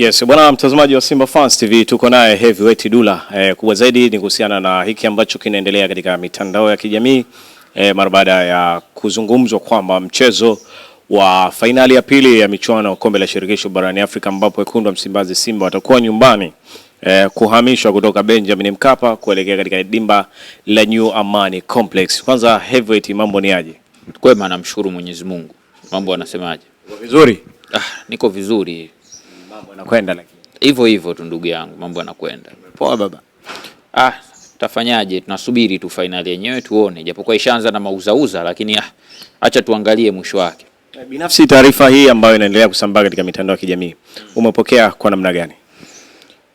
Yes, bwana mtazamaji wa Simba Fans TV tuko naye Heavyweight Dulla. E, eh, kubwa zaidi ni kuhusiana na hiki ambacho kinaendelea katika mitandao ya kijamii e, mara baada ya kuzungumzwa kwamba mchezo wa fainali ya pili ya michuano ya kombe la shirikisho barani Afrika ambapo wekundu wa Msimbazi Simba watakuwa nyumbani Eh, kuhamishwa kutoka Benjamin Mkapa kuelekea katika dimba la New Amani Complex. Kwanza Heavyweight, mambo ni aje? Kwema, namshukuru Mwenyezi Mungu. Mambo anasemaje? Vizuri. Ah, niko vizuri mambo yanakwenda lakini. Hivyo hivyo tu ndugu yangu, mambo yanakwenda. Poa baba. Ah, tutafanyaje? Tunasubiri tu fainali yenyewe tuone, japokuwa ishaanza na mauzauza, lakini ah, acha tuangalie mwisho wake. Eh, binafsi, taarifa hii ambayo inaendelea kusambaa katika mitandao ya kijamii hmm. umepokea kwa namna gani?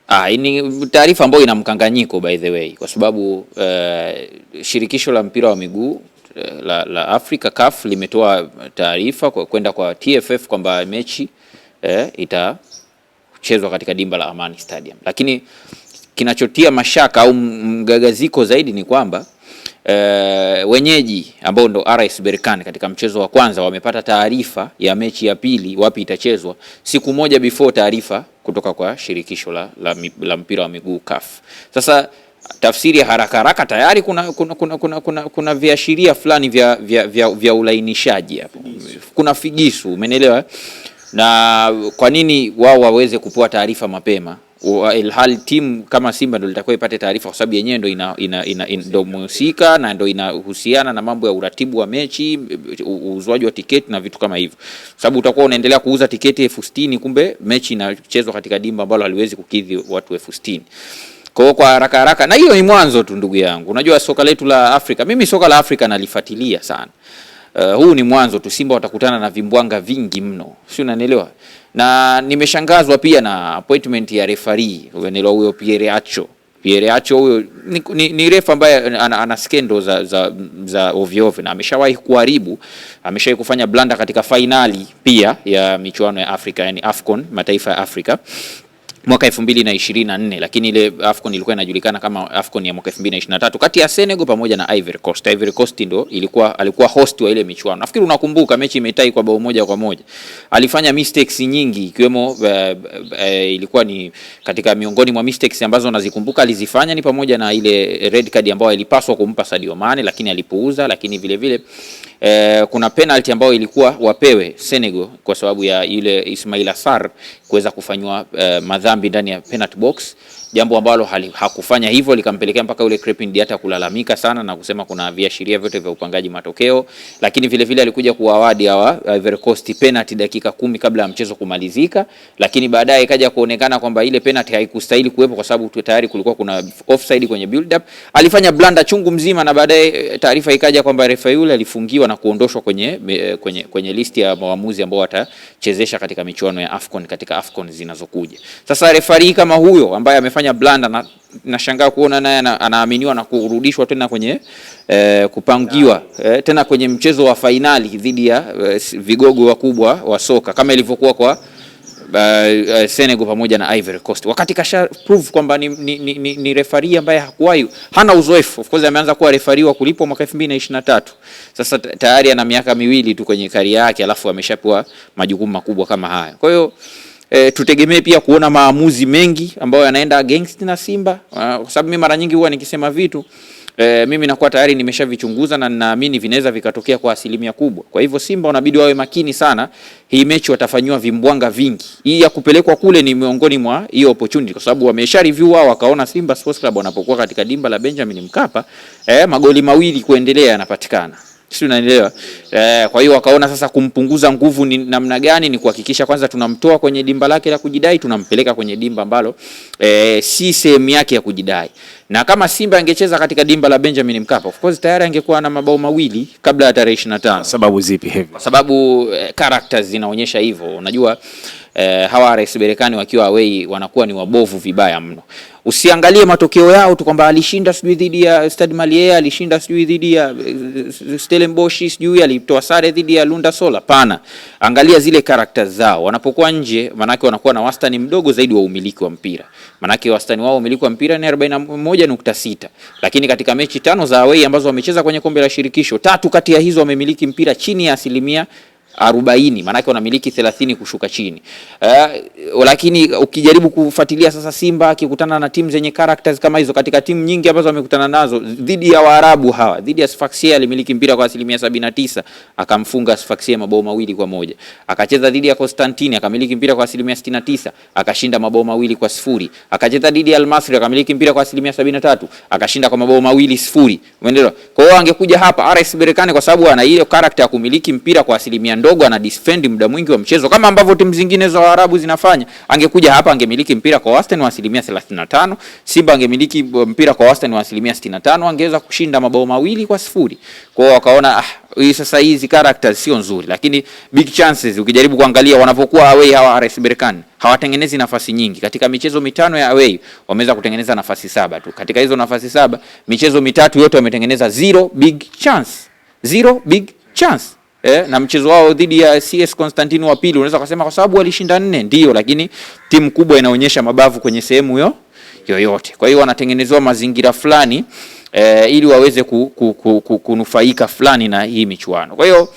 Ah, ni taarifa ambayo ina mkanganyiko by the way, kwa sababu uh, shirikisho la mpira wa miguu eh, la, la Afrika CAF limetoa taarifa kwa kwenda kwa TFF kwamba mechi eh, ita kuchezwa katika dimba la Amani Stadium. Lakini kinachotia mashaka au mgagaziko zaidi ni kwamba e, wenyeji ambao ndo RS Berkane katika mchezo wa kwanza wamepata taarifa ya mechi ya pili wapi itachezwa siku moja before taarifa kutoka kwa shirikisho la, la, la mpira wa miguu CAF. Sasa tafsiri ya haraka haraka tayari kuna, kuna, kuna, kuna, kuna, kuna viashiria fulani vya, vya, vya, vya ulainishaji hapo, kuna figisu, umeelewa? na kwa nini wao waweze kupewa taarifa mapema ilhal timu kama Simba ndo litakuwa ipate taarifa kwa sababu yenyewe ndo ina, ina, ina, ina mhusika na ndo inahusiana na mambo ya uratibu wa mechi, uuzwaji wa tiketi na vitu kama hivyo, kwa sababu utakuwa unaendelea kuuza tiketi elfu sitini kumbe mechi inachezwa katika dimba ambalo haliwezi kukidhi watu elfu sitini kwa kwa haraka haraka. Na hiyo ni mwanzo tu, ndugu yangu. Unajua soka letu la Afrika, mimi soka la Afrika nalifuatilia sana. Uh, huu ni mwanzo tu. Simba watakutana na vimbwanga vingi mno, si unanielewa? Na nimeshangazwa pia na appointment ya refari, unanielewa, huyo Pierre Acho. Pierre Acho huyo ni, ni, ni refa ambaye ana, ana skendo za, za, za ovyo na ameshawahi kuharibu, ameshawahi kufanya blanda katika fainali pia ya michuano ya Afrika, yani AFCON mataifa ya Afrika mwaka 2024 lakini ile AFCON ilikuwa inajulikana kama AFCON ya mwaka 2023 kati ya Senegal pamoja na Ivory Coast. Ivory Coast ndo ilikuwa alikuwa host wa ile michuano. Nafikiri unakumbuka mechi imetai kwa bao moja kwa moja. Alifanya mistakes nyingi ikiwemo uh, uh, ilikuwa ni katika miongoni mwa mistakes ambazo nazikumbuka alizifanya ni pamoja na ile red card ambayo ilipaswa kumpa Sadio Mane lakini alipuuza, lakini vile vile eh, kuna penalty ambayo ilikuwa wapewe Senegal kwa sababu ya yule Ismail Sarr kuweza kufanywa eh, madhambi ndani ya penalty box, jambo ambalo hali, hakufanya hivyo likampelekea mpaka yule Crepin Diata kulalamika sana na kusema kuna viashiria vyote vya upangaji matokeo, lakini vile vile alikuja kuawadi hawa Ivory Coast penalty dakika kumi kabla ya mchezo kumalizika, lakini baadaye ikaja kuonekana kwamba ile penalty haikustahili kuwepo kwa sababu tayari kulikuwa kuna offside kwenye build up. Alifanya blanda chungu mzima na baadaye eh, taarifa ikaja kwamba refa yule alifungiwa kuchukuliwa na kuondoshwa kwenye, kwenye, kwenye listi ya waamuzi ambao watachezesha katika michuano ya Afcon katika Afcon zinazokuja. Sasa refari kama huyo ambaye amefanya blanda na nashangaa kuona naye anaaminiwa na kurudishwa tena kwenye eh, kupangiwa eh, tena kwenye mchezo wa fainali dhidi ya eh, vigogo wakubwa wa soka kama ilivyokuwa kwa uh, uh, Senegal pamoja na Ivory Coast, wakati kasha prove kwamba ni, ni, ni, ni refari ambaye hakuwahi hana uzoefu. Of course ameanza kuwa refari wa kulipwa mwaka 2023 sasa tayari ana miaka miwili tu kwenye kari yake, alafu ameshapewa majukumu makubwa kama haya. Kwa hiyo E, tutegemee pia kuona maamuzi mengi ambayo yanaenda against na Simba, ah, kwa sababu mimi mara nyingi huwa nikisema vitu e, mimi nakuwa tayari nimeshavichunguza na ninaamini vinaweza vikatokea kwa asilimia kubwa. Kwa hivyo Simba wanabidi wawe makini sana, hii mechi watafanywa vimbwanga vingi. Hii ya kupelekwa kule ni miongoni mwa hiyo opportunity, kwa sababu wamesha review wao wakaona Simba Sports Club wanapokuwa katika dimba la Benjamin Mkapa e, magoli mawili kuendelea yanapatikana si unanielewa? Eh, kwa hiyo wakaona sasa kumpunguza nguvu ni namna gani? Ni kuhakikisha kwanza tunamtoa kwenye dimba lake la kujidai, tunampeleka kwenye dimba ambalo eh, si sehemu yake ya kujidai. Na kama Simba angecheza katika dimba la Benjamin Mkapa, of course tayari angekuwa na mabao mawili kabla ya tarehe 25. Sababu zipi hivi? sababu eh, characters zinaonyesha hivyo, unajua eh, hawa rais Berekani wakiwa away wanakuwa ni wabovu vibaya mno. Usiangalie matokeo yao tu kwamba alishinda sijui dhidi ya Stade Malien, alishinda sijui dhidi ya eh, Stellenbosch, sijui alitoa sare dhidi ya Lunda Sola. Pana, angalia zile karakta zao wanapokuwa nje, manake wanakuwa na wastani mdogo zaidi wa umiliki wa mpira, manake wastani wao umiliki wa mpira ni 41.6, lakini katika mechi tano za away ambazo wamecheza kwenye kombe la shirikisho, tatu kati ya hizo wamemiliki mpira chini ya asilimia arobaini, maanake wanamiliki thelathini kushuka chini. Uh, lakini ukijaribu kufuatilia sasa, Simba akikutana na timu zenye characters kama hizo, katika timu nyingi ambazo wamekutana nazo, dhidi ya Waarabu hawa, dhidi ya Sfaxia alimiliki mpira kwa asilimia sabini na tisa akamfunga Sfaxia mabao mawili kwa moja. Akacheza dhidi ya Constantine akamiliki mpira kwa asilimia tisa akashinda mabao mawili kwa sifuri. Akacheza dhidi ya Almasri akamiliki mpira kwa asilimia sabini na tatu akashinda kwa mabao mawili sifuri. Umeelewa? Kwa hiyo angekuja hapa RS Berkane kwa sababu ana ile character ya kumiliki mpira kwa asilimia ndogo ana defend muda mwingi wa mchezo kama ambavyo timu zingine za Waarabu zinafanya. Angekuja hapa angemiliki mpira kwa wastani wa asilimia 35, Simba angemiliki uh, mpira kwa wastani wa asilimia 65, angeweza kushinda mabao mawili kwa sifuri. Kwa hiyo wakaona ah, hii sasa hizi characters sio nzuri, lakini big chances ukijaribu kuangalia wanapokuwa away hawa RS Berkane hawatengenezi nafasi nyingi katika michezo mitano ya away, wameweza kutengeneza nafasi saba tu. Katika hizo nafasi saba, michezo mitatu yote wametengeneza zero big chance, zero big chance eh, na mchezo wao dhidi ya CS Constantine wa pili unaweza kusema kwa sababu walishinda nne, ndio, lakini timu kubwa inaonyesha mabavu kwenye sehemu hiyo yoyote. Kwa hiyo wanatengenezewa mazingira fulani eh, ili waweze ku, ku, ku, ku, kunufaika fulani na hii michuano. Kwa hiyo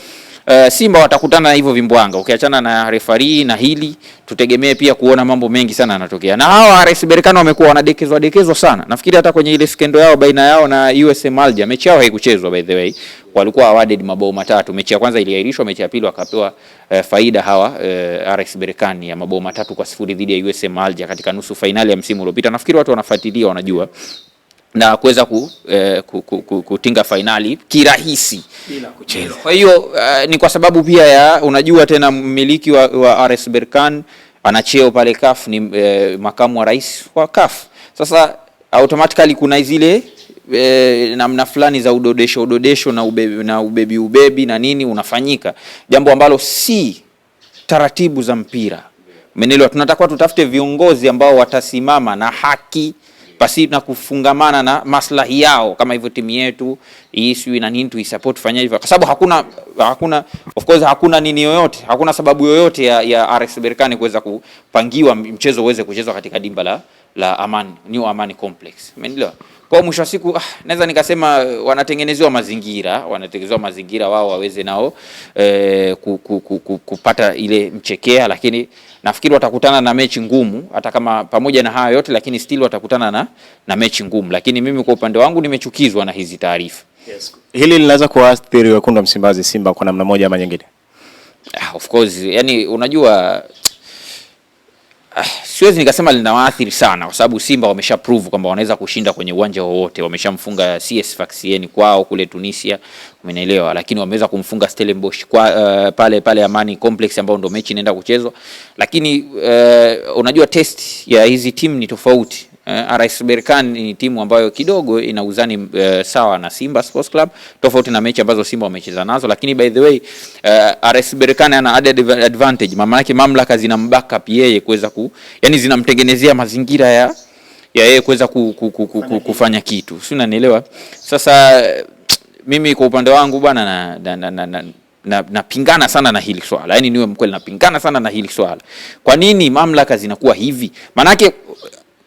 uh, Simba watakutana na hivyo vimbwanga. Ukiachana na refari na hili, tutegemee pia kuona mambo mengi sana yanatokea, na hawa RS Berkane wamekuwa wanadekezwa dekezwa sana. Nafikiri hata kwenye ile skendo yao baina yao na USM Alger, mechi yao haikuchezwa by the way, walikuwa awarded mabao matatu. Mechi ya kwanza iliahirishwa, mechi ya pili wakapewa uh, faida hawa uh, eh, RS Berkane ya mabao matatu kwa sifuri dhidi ya USM Alger katika nusu fainali ya msimu uliopita. Nafikiri watu wanafuatilia, wanajua na kuweza ku, eh, ku, ku, ku, kutinga fainali kirahisi bila kucheza. Kwa hiyo uh, ni kwa sababu pia ya unajua tena mmiliki wa, wa RS Berkane ana cheo pale CAF ni eh, makamu wa rais wa CAF. Sasa automatically kuna zile E, namna fulani za udodesho udodesho na ubebi, na ubebi ubebi na nini unafanyika, jambo ambalo si taratibu za mpira menelewa. Tunatakiwa tutafute viongozi ambao watasimama na haki pasi na kufungamana na maslahi yao, kama hivyo timu yetu hii na nini tuisupport, fanya hivyo, kwa sababu hakuna hakuna of course hakuna nini yoyote, hakuna sababu yoyote ya, ya RS Berkane kuweza kupangiwa mchezo uweze kuchezwa katika dimba la la Amani, New Amani Complex, umeelewa? Kwa mwisho wa siku ah, naweza nikasema wanatengenezewa mazingira, wanatengenezewa mazingira wao waweze nao eh, kupata ile mchekea, lakini nafikiri watakutana na mechi ngumu, hata kama pamoja na haya yote lakini still watakutana na, na mechi ngumu. Lakini mimi kwa upande wangu nimechukizwa na hizi taarifa. Yes. Hili linaweza kuathiri wekundu wa Msimbazi Simba kwa namna moja ama nyingine? Ah, of course, yani unajua ah, siwezi nikasema linawaathiri sana kwa sababu Simba wamesha prove kwamba wanaweza kushinda kwenye uwanja wowote. Wameshamfunga CS Sfaxien kwao kule Tunisia, umenielewa, lakini wameweza kumfunga Stellenbosch kwa uh, pale pale Amani Complex ambao ndo mechi inaenda kuchezwa, lakini uh, unajua test ya hizi timu ni tofauti uh, eh, RS Berkane ni timu ambayo kidogo ina uzani uh, sawa na Simba Sports Club, tofauti na mechi ambazo Simba wamecheza nazo. Lakini by the way uh, eh, RS Berkane ana added advantage, maana yake mamlaka zina backup yeye kuweza ku, yani zinamtengenezea mazingira ya ya yeye kuweza ku, ku, ku, ku, ku, kufanya kitu, si unanielewa? Sasa mimi kwa upande wangu bwana na, na, na, na napingana na sana na hili swala yaani, niwe mkweli, napingana sana na hili swala. Kwa nini mamlaka zinakuwa hivi? Maanake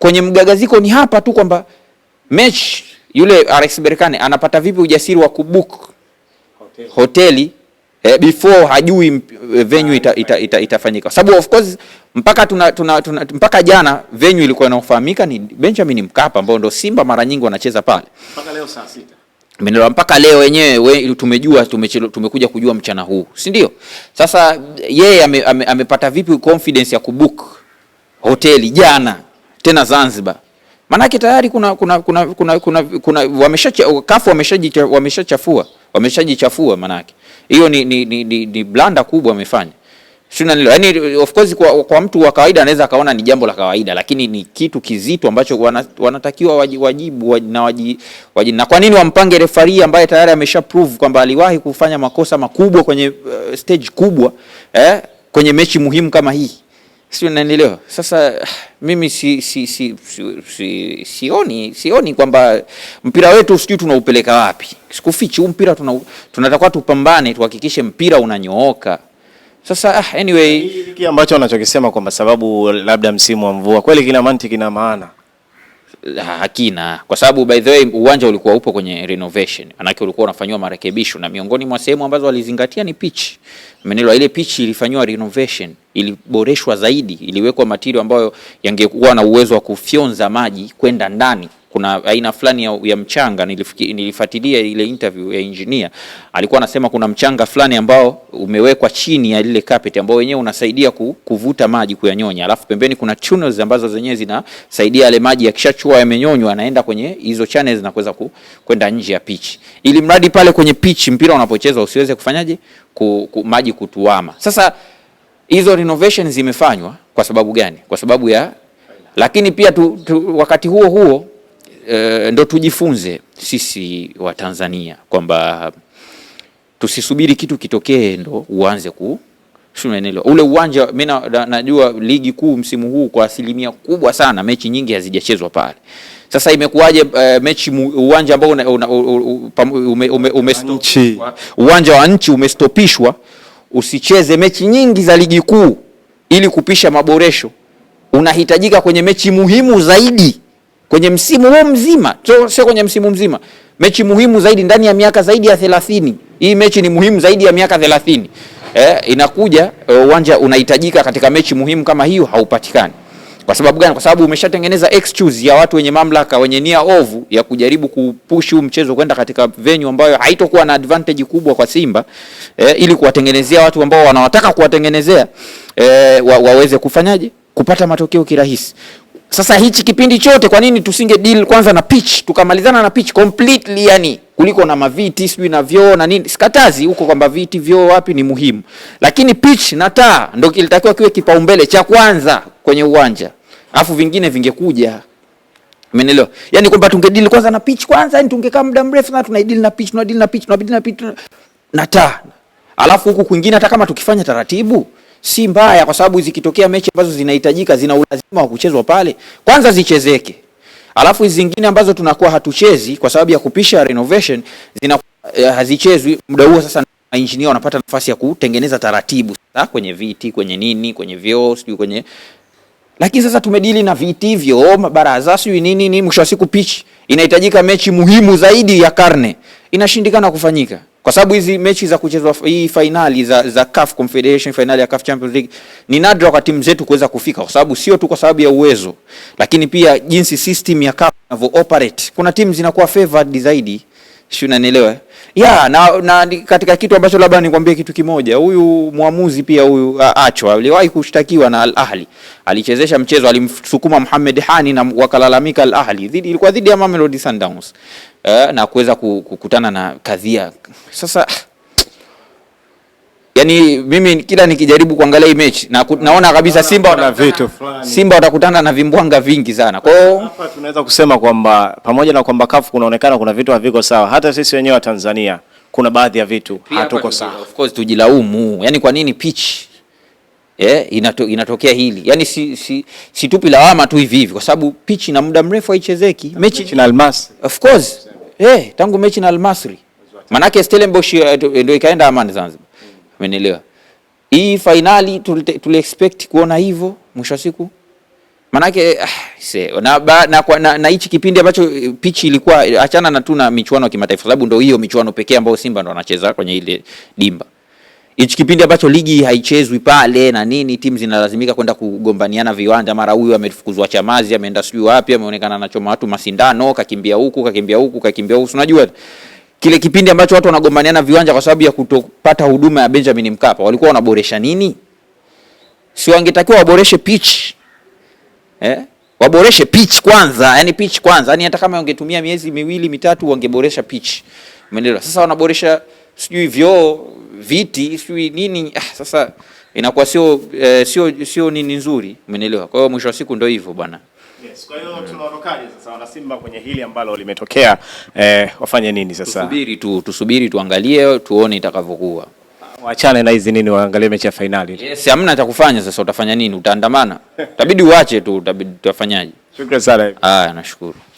kwenye mgagaziko ni hapa tu kwamba mechi yule rais Berkane anapata vipi ujasiri wa kubook hoteli, hoteli eh, before hajui eh, venue ita, ita, ita, itafanyika sababu of course mpaka tuna, tuna, tuna, mpaka jana venue ilikuwa inaofahamika ni Benjamin Mkapa ambao ndo Simba mara nyingi wanacheza pale mpaka leo saa sita Menelewa mpaka leo wenyewe we, tumejua tumekuja kujua mchana huu, si ndio? Sasa yeye amepata ame, ame vipi confidence ya kubook hoteli jana? tena Zanzibar. Maanake tayari kuna kuna kuna kuna kuna, kuna wamesha kafu wameshajichafua wameshajichafua wameshajichafua maanake. Hiyo ni ni, ni, ni, ni blanda kubwa wamefanya. Shuna nilo. Yaani of course kwa, kwa mtu wa kawaida anaweza akaona ni jambo la kawaida lakini ni kitu kizito ambacho wana, wanatakiwa wajibu, wajibu na waji, waji. Na kwa nini wampange refari ambaye tayari amesha prove kwamba aliwahi kufanya makosa makubwa kwenye uh, stage kubwa eh, kwenye mechi muhimu kama hii? si unanielewa? Sasa mimi si, si, si, si, si, sioni sioni kwamba mpira wetu sijui tunaupeleka wapi. Sikufichi, huu mpira tuna, tunatakuwa tupambane, tuhakikishe mpira unanyooka. Sasa ah, anyway, hiki ambacho anachokisema kwamba sababu labda msimu wa mvua kweli kina mantiki na maana hakina, kwa sababu by the way uwanja ulikuwa upo kwenye renovation, manake ulikuwa unafanywa marekebisho, na miongoni mwa sehemu ambazo walizingatia ni pitch. Mmenelewa, ile pitch ilifanywa renovation, iliboreshwa zaidi, iliwekwa material ambayo yangekuwa na uwezo wa kufyonza maji kwenda ndani kuna aina fulani ya, ya mchanga nilifikiri, nilifuatilia ile interview ya engineer alikuwa anasema kuna mchanga fulani ambao umewekwa chini ya lile carpet ambao wenyewe unasaidia ku, kuvuta maji kuyanyonya, alafu pembeni kuna tunnels ambazo zenyewe zinasaidia yale maji yakishachua yamenyonywa anaenda kwenye hizo channels na kuweza kwenda nje ya pitch, ili mradi pale kwenye pitch mpira unapochezwa usiweze kufanyaje ku, ku, maji kutuama. Sasa hizo renovations zimefanywa kwa sababu gani? Kwa sababu ya, lakini pia tu, tu, wakati huo huo e, ndo tujifunze sisi wa Tanzania kwamba tusisubiri kitu kitokee ndo uanze ku Unaelewa ule uwanja. Mimi na, najua ligi kuu msimu huu kwa asilimia kubwa sana mechi nyingi hazijachezwa pale. Sasa imekuwaje? Uh, mechi uwanja ambao uwanja wa nchi umestopishwa usicheze mechi nyingi za ligi kuu ili kupisha maboresho, unahitajika kwenye mechi muhimu zaidi kwenye msimu huo mzima, sio kwenye msimu mzima, mechi muhimu zaidi ndani ya miaka zaidi ya 30. Hii mechi ni muhimu zaidi ya miaka 30. Eh, inakuja e, uwanja uh, unahitajika katika mechi muhimu kama hiyo, haupatikani. Kwa sababu gani? Kwa sababu umeshatengeneza excuse ya watu wenye mamlaka, wenye nia ovu ya kujaribu kupush huu mchezo kwenda katika venue ambayo haitokuwa na advantage kubwa kwa Simba eh, ili kuwatengenezea watu ambao wanawataka kuwatengenezea eh, wa, waweze kufanyaje kupata matokeo kirahisi. Sasa hichi kipindi chote kwa nini tusinge deal kwanza na pitch tukamalizana na pitch completely yani, kuliko na maviti sijui na vyoo na nini. Sikatazi huko kwamba viti vyoo wapi ni muhimu, lakini pitch na taa ndio kilitakiwa kiwe kipaumbele cha kwanza kwenye uwanja, afu vingine vingekuja. Umeelewa? Yani kwamba tungedeal kwanza na pitch kwanza, yani tungekaa muda mrefu na tunaideal na pitch na deal na pitch na deal na pitch na taa, alafu huku kwingine hata kama tukifanya taratibu si mbaya, kwa sababu zikitokea mechi ambazo zinahitajika zina ulazima wa kuchezwa pale, kwanza zichezeke, alafu hizi zingine ambazo tunakuwa hatuchezi kwa sababu ya kupisha renovation zina eh, hazichezwi muda huo. Sasa mainjinia wanapata nafasi ya kutengeneza taratibu sasa kwenye viti, kwenye nini, kwenye vyoo, sijui kwenye lakini sasa tumedili na viti hivyo mabaraza sijui nini ni mwisho wa siku pitch inahitajika, mechi muhimu zaidi ya karne inashindikana kufanyika kwa sababu hizi mechi za kuchezwa hii fainali za, za CAF Confederation finali ya CAF Champions League ni nadra kwa timu zetu kuweza kufika, kwa sababu sio tu kwa sababu ya uwezo, lakini pia jinsi system ya CAF inavyo operate, kuna timu zinakuwa favored zaidi. Sio, unanielewa? Eh? Ya, na, na katika kitu ambacho labda nikwambie kitu kimoja, huyu mwamuzi pia huyu Acho aliwahi kushtakiwa na Al Ahli, alichezesha mchezo, alimsukuma Mohamed Hani na wakalalamika Al Ahli dhidi, ilikuwa dhidi ya Mamelodi Sundowns eh, na kuweza kukutana na kadhia sasa yani mimi kila nikijaribu kuangalia hii mechi na, ku, naona kabisa Simba watakutana, Simba watakutana na vimbwanga vingi sana. Kwa hiyo hapa tunaweza kusema kwamba pamoja na kwamba kafu kunaonekana kuna vitu haviko sawa, hata sisi wenyewe wa Tanzania kuna baadhi ya vitu hatuko sawa. Of course tujilaumu, yani kwa nini pitch Yeah, inato, inatokea hili yani si, si, si tupi lawama tu hivi hivi, kwa sababu pitch na muda mrefu haichezeki mechi na Almasri of course yeah, tangu mechi na Almasri manake Stellenbosch eh, ndio ikaenda Amani Zanzibar. Umeelewa? Hii finali tuli expect kuona hivyo mwisho wa siku. Manake ah, se, na, ba, na, na, na hichi kipindi ambacho eh, pichi ilikuwa achana na tu na michuano ya kimataifa, sababu ndio hiyo michuano pekee ambayo Simba ndo anacheza kwenye ile dimba. Hichi kipindi ambacho ligi haichezwi pale na nini, timu zinalazimika kwenda kugombaniana viwanja, mara huyu amefukuzwa Chamazi, ameenda sijui wapi, ameonekana anachoma watu masindano, kakimbia huku kakimbia huku kakimbia huku, unajua kile kipindi ambacho watu wanagombaniana viwanja kwa sababu ya kutopata huduma ya Benjamin Mkapa, walikuwa wanaboresha nini? Si wangetakiwa waboreshe pitch eh? Waboreshe pitch kwanza, yani pitch kwanza, yani hata kama wangetumia miezi miwili mitatu wangeboresha pitch, umeelewa? Sasa wanaboresha sijui vyoo, viti, sijui nini. Ah, sasa inakuwa sio eh, sio sio nini nzuri, umeelewa? Kwa hiyo mwisho wa siku ndio hivyo bwana. Yes, kwa hiyo tunaondokaje sasa wana Simba kwenye hili ambalo limetokea eh, wafanye nini sasa? Tusubiri tu, tusubiri tuangalie, tuone itakavyokuwa. Waachane na hizi nini, waangalie mechi ya finali. Yes, hamna cha kufanya sasa. Utafanya nini? Utaandamana? Utabidi uache tu, utabidi utafanyaje? Shukrani sana. Ah, nashukuru.